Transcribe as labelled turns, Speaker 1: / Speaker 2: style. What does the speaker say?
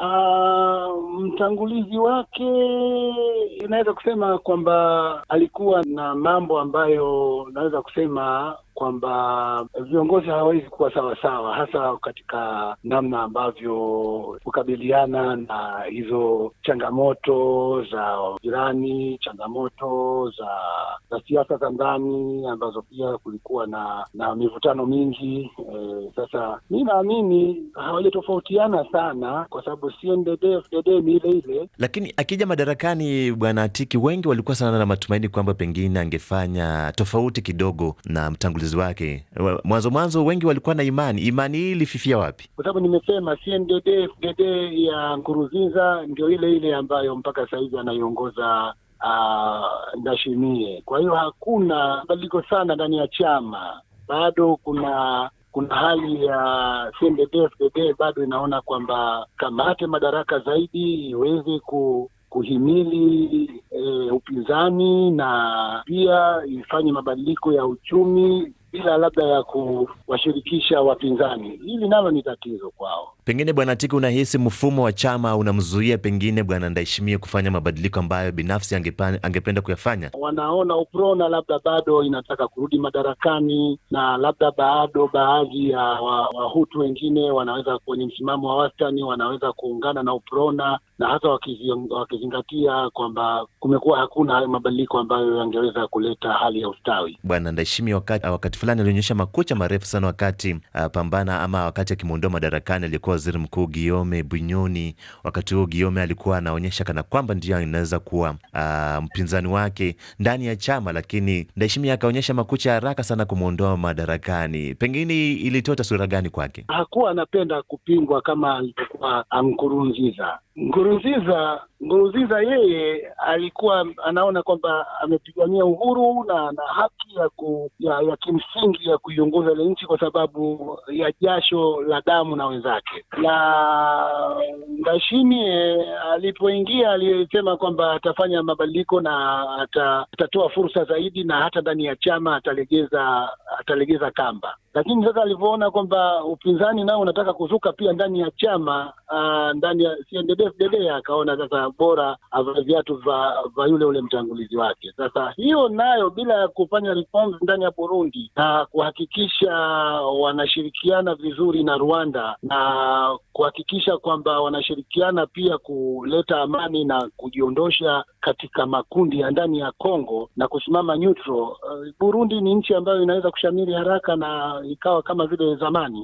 Speaker 1: Uh, mtangulizi wake inaweza kusema kwamba alikuwa na mambo ambayo naweza kusema kwamba viongozi hawawezi kuwa sawasawa, hasa katika namna ambavyo kukabiliana na hizo changamoto za jirani, changamoto za za siasa za ndani ambazo pia kulikuwa na na mivutano mingi e. Sasa mi naamini hawajatofautiana sana, kwa sababu sio fdd ni ile ile,
Speaker 2: lakini akija madarakani Bwana tiki wengi walikuwa sana na matumaini kwamba pengine angefanya tofauti kidogo na mtangulizi wanafunzi wake. Mwanzo mwanzo wengi walikuwa na imani, imani hii ilififia wapi?
Speaker 1: Kwa sababu nimesema CNDD-FDD ya nkuruziza ndio ile ile ambayo mpaka sasa hivi anaiongoza uh, Ndashimie. Kwa hiyo hakuna mabadiliko sana ndani ya chama, bado kuna kuna hali ya CNDD-FDD bado inaona kwamba kamate madaraka zaidi iweze ku kuhimili e, upinzani na pia ifanye mabadiliko ya uchumi bila labda ya kuwashirikisha wapinzani. Hili nalo ni tatizo kwao.
Speaker 2: Pengine bwana Tiki, unahisi mfumo wa chama unamzuia pengine bwana Ndaheshimia kufanya mabadiliko ambayo binafsi angepan, angependa kuyafanya?
Speaker 1: Wanaona UPRONA labda bado inataka kurudi madarakani na labda bado baadhi ya wahutu wa wengine wanaweza kwenye msimamo wa wastani wanaweza kuungana na UPRONA na hasa wakizingatia kwamba kumekuwa hakuna mabadiliko ambayo yangeweza kuleta hali ya ustawi.
Speaker 2: Bwana Ndaheshimia wakati, wakati fulani alionyesha makucha marefu sana wakati uh, pambana ama wakati akimwondoa madarakani alikuwa alikuwa waziri mkuu giome Bunyoni. Wakati huo giome alikuwa anaonyesha kana kwamba ndio anaweza kuwa uh, mpinzani wake ndani ya chama, lakini Ndayishimiye akaonyesha makucha haraka sana kumwondoa madarakani. Pengine ilitoa taswira gani kwake?
Speaker 1: Hakuwa anapenda kupingwa kama alivyokuwa Nkurunziza. Nkurunziza Nkurunziza yeye alikuwa anaona kwamba amepigania uhuru na, na haki ya, ku, ya, ya kimsingi ya kuiongoza ile nchi kwa sababu ya jasho la damu na wenzake. Na Ndashimie alipoingia alisema kwamba atafanya mabadiliko na atatoa fursa zaidi, na hata ndani ya chama atalegeza atalegeza kamba lakini sasa alivyoona kwamba upinzani nao unataka kuzuka pia ndani ya chama ah, ndani ya CNDD-FDD akaona sasa bora avae viatu vya yule ule mtangulizi wake. Sasa hiyo nayo bila ya kufanya reforms ndani ya Burundi na kuhakikisha wanashirikiana vizuri na Rwanda na kuhakikisha kwamba wanashirikiana pia kuleta amani na kujiondosha katika makundi ya ndani ya Kongo na kusimama neutral. Uh, Burundi ni nchi ambayo inaweza kushamiri haraka na ikawa kama vile zamani.